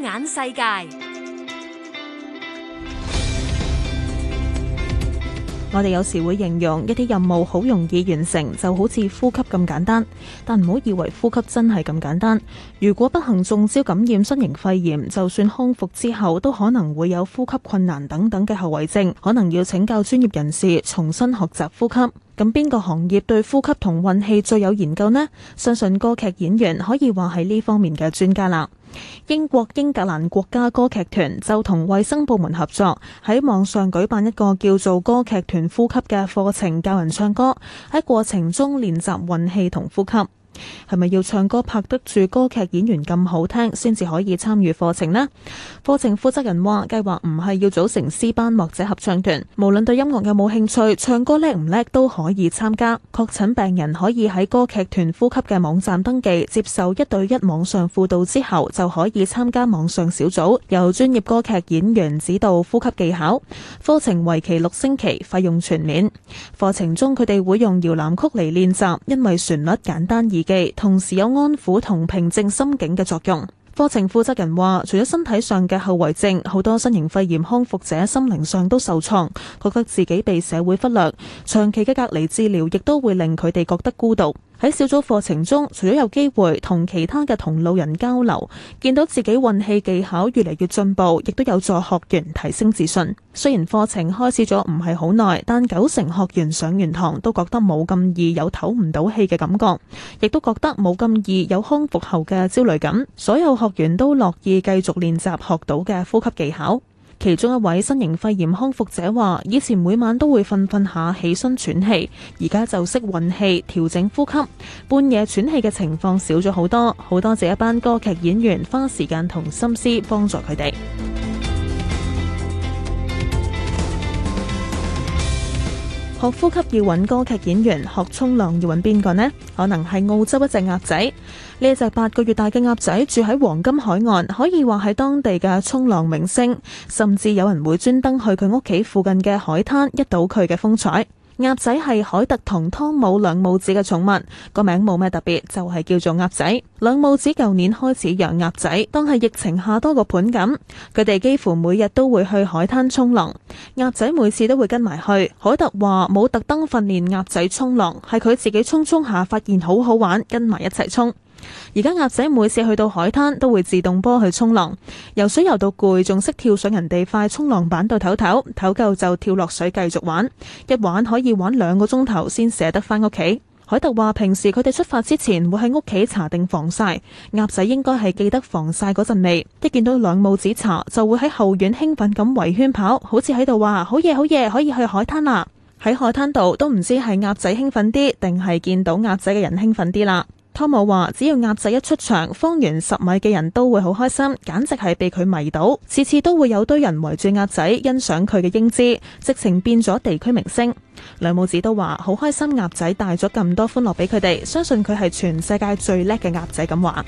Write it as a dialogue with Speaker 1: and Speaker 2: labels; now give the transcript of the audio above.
Speaker 1: 眼世界，我哋有時會形容一啲任務好容易完成，就好似呼吸咁簡單。但唔好以為呼吸真係咁簡單。如果不幸中招感染新型肺炎，就算康復之後，都可能會有呼吸困難等等嘅後遺症，可能要請教專業人士重新學習呼吸。咁邊個行業對呼吸同運氣最有研究呢？相信歌劇演員可以話係呢方面嘅專家啦。英國英格蘭國家歌劇團就同衛生部門合作，喺網上舉辦一個叫做《歌劇團呼吸》嘅課程，教人唱歌，喺過程中練習運氣同呼吸。係咪要唱歌拍得住歌劇演員咁好聽先至可以參與課程呢？課程負責人話：計劃唔係要組成詩班或者合唱團，無論對音樂有冇興趣，唱歌叻唔叻都可以參加。確診病人可以喺歌劇團呼吸嘅網站登記，接受一對一網上輔導之後，就可以參加網上小組，由專業歌劇演員指導呼吸技巧。課程為期六星期，費用全免。課程中佢哋會用搖籃曲嚟練習，因為旋律簡單易。同時有安撫同平靜心境嘅作用。課程負責人話，除咗身體上嘅後遺症，好多新型肺炎康復者心靈上都受創，覺得自己被社會忽略，長期嘅隔離治療亦都會令佢哋覺得孤獨。喺小組課程中，除咗有機會同其他嘅同路人交流，見到自己運氣技巧越嚟越進步，亦都有助學員提升自信。雖然課程開始咗唔係好耐，但九成學員上完堂都覺得冇咁易有唞唔到氣嘅感覺，亦都覺得冇咁易有康復後嘅焦慮感。所有學員都樂意繼續練習學到嘅呼吸技巧。其中一位新型肺炎康復者話，以前每晚都會瞓瞓下起身喘氣，而家就識運氣調整呼吸，半夜喘氣嘅情況少咗好多，好多謝一班歌劇演員花時間同心思幫助佢哋。學呼吸要揾歌劇演員，學衝浪要揾邊個呢？可能係澳洲一隻鴨仔。呢一隻八個月大嘅鴨仔住喺黃金海岸，可以話係當地嘅衝浪明星，甚至有人會專登去佢屋企附近嘅海灘一睹佢嘅風采。鴨仔係凱特同湯姆兩母子嘅寵物，個名冇咩特別，就係叫做鴨仔。兩母子舊年開始養鴨仔，當係疫情下多個伴咁。佢哋幾乎每日都會去海灘衝浪，鴨仔每次都會跟埋去。凱特話冇特登訓練鴨仔衝浪，係佢自己衝衝下發現好好玩，跟埋一齊衝。而家鴨仔每次去到海灘都會自動波去衝浪，游水游到攰，仲識跳上人哋塊衝浪板度唞唞，唞夠就跳落水繼續玩，一玩可以玩兩個鐘頭先捨得返屋企。海特話平時佢哋出發之前會喺屋企搽定防曬，鴨仔應該係記得防曬嗰陣味。一見到兩母子搽，就會喺後院興奮咁圍圈跑，好似喺度話好嘢、好嘢，可以去海灘啦！喺海灘度都唔知係鴨仔興奮啲，定係見到鴨仔嘅人興奮啲啦。湯姆話：只要鴨仔一出場，方圓十米嘅人都會好開心，簡直係被佢迷倒。次次都會有堆人圍住鴨仔欣賞佢嘅英姿，直情變咗地區明星。兩母子都話：好開心鴨仔帶咗咁多歡樂俾佢哋，相信佢係全世界最叻嘅鴨仔咁話。